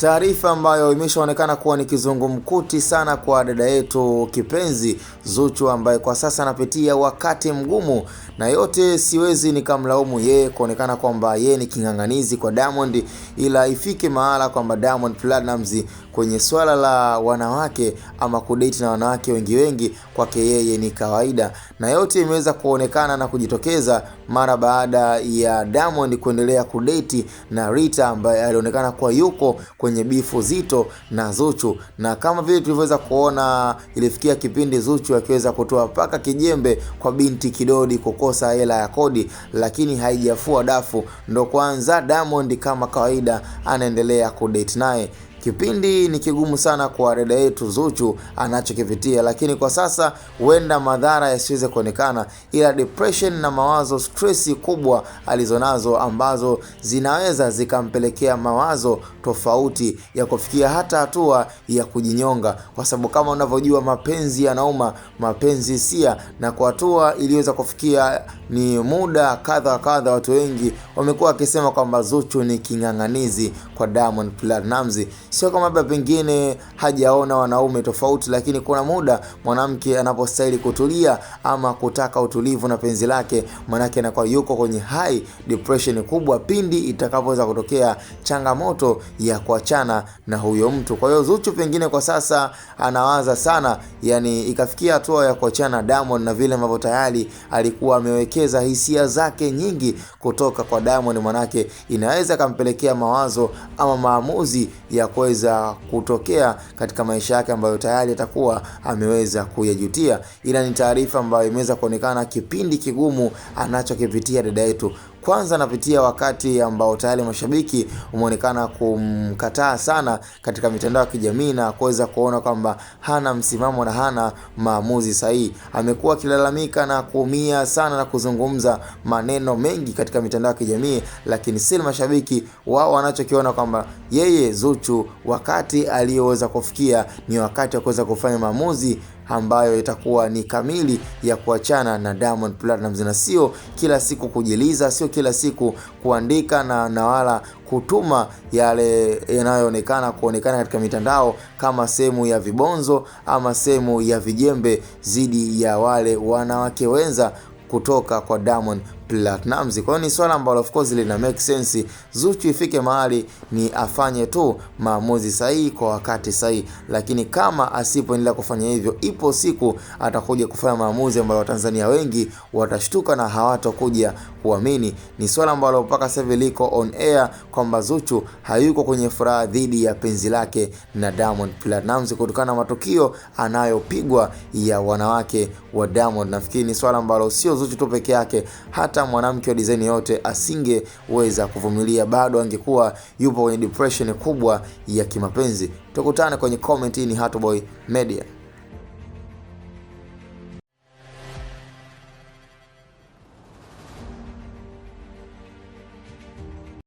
Taarifa ambayo imeshaonekana kuwa ni kizungumkuti sana kwa dada yetu kipenzi Zuchu ambaye kwa sasa anapitia wakati mgumu na yote, siwezi nikamlaumu yeye kuonekana kwamba yeye ni king'ang'anizi kwa Diamond, ila ifike mahala kwamba Diamond Platnumz kwenye swala la wanawake ama kudate na wanawake wengi wengi, kwake yeye ni kawaida, na yote imeweza kuonekana na kujitokeza mara baada ya Diamond kuendelea kudate na Rita ambaye alionekana kuwa yuko kwenye bifu zito na Zuchu, na kama vile tulivyoweza kuona, ilifikia kipindi Zuchu akiweza kutoa paka kijembe kwa binti kidodi koko kukosa hela ya kodi, lakini haijafua dafu. Ndo kwanza Diamond kama kawaida anaendelea kudate naye. Kipindi ni kigumu sana kwa dada yetu Zuchu anachokipitia, lakini kwa sasa huenda madhara yasiweze kuonekana, ila depression na mawazo, stress kubwa alizonazo ambazo zinaweza zikampelekea mawazo tofauti ya kufikia hata hatua ya kujinyonga, kwa sababu kama unavyojua mapenzi yanauma, mapenzi sia na kwa hatua iliyoweza kufikia ni muda kadha kadha. Watu wengi wamekuwa wakisema kwamba Zuchu ni king'ang'anizi kwa Diamond Platnumz. Sio kama labda pengine hajaona wanaume tofauti, lakini kuna muda mwanamke anapostahili kutulia ama kutaka utulivu na penzi lake, manake anakuwa yuko kwenye high depression kubwa pindi itakapoweza kutokea changamoto ya kuachana na huyo mtu. Kwa hiyo Zuchu pengine kwa sasa anawaza sana, yani ikafikia hatua ya kuachana Diamond na vile ambavyo tayari alikuwa amewekeza hisia zake nyingi kutoka kwa Diamond, manake inaweza kampelekea mawazo ama maamuzi ya kuweza kutokea katika maisha yake ambayo tayari atakuwa ameweza kuyajutia, ila ni taarifa ambayo imeweza kuonekana kipindi kigumu anachokipitia dada yetu kwanza anapitia wakati ambao tayari mashabiki umeonekana kumkataa sana katika mitandao ya kijamii na kuweza kuona kwamba hana msimamo na hana maamuzi sahihi. Amekuwa akilalamika na kuumia sana na kuzungumza maneno mengi katika mitandao ya kijamii, lakini si mashabiki wao wanachokiona kwamba yeye Zuchu wakati aliyoweza kufikia ni wakati wa kuweza kufanya maamuzi ambayo itakuwa ni kamili ya kuachana na Diamond Platnumz, na sio kila siku kujiliza, sio kila siku kuandika na, na wala kutuma yale yanayoonekana kuonekana katika mitandao kama sehemu ya vibonzo ama sehemu ya vijembe dhidi ya wale wanawake wenza kutoka kwa Diamond Platnumz. Kwa hiyo ni swala ambalo of course lina make sense. Zuchu ifike mahali ni afanye tu maamuzi sahihi kwa wakati sahihi, lakini kama asipoendelea kufanya hivyo, ipo siku atakuja kufanya maamuzi ambayo Watanzania wengi watashtuka na hawatokuja kuamini. Ni swala ambalo mpaka sasa hivi liko on air kwamba Zuchu hayuko kwenye furaha dhidi ya penzi lake na Diamond Platnumz kutokana na matukio anayopigwa ya wanawake wa Diamond. Nafikiri ni swala ambalo sio Zuchu tu peke yake hata hata mwanamke wa design yote asingeweza kuvumilia, bado angekuwa yupo kwenye depression kubwa ya kimapenzi. Tukutane kwenye comment. Hii ni Hatboy Media.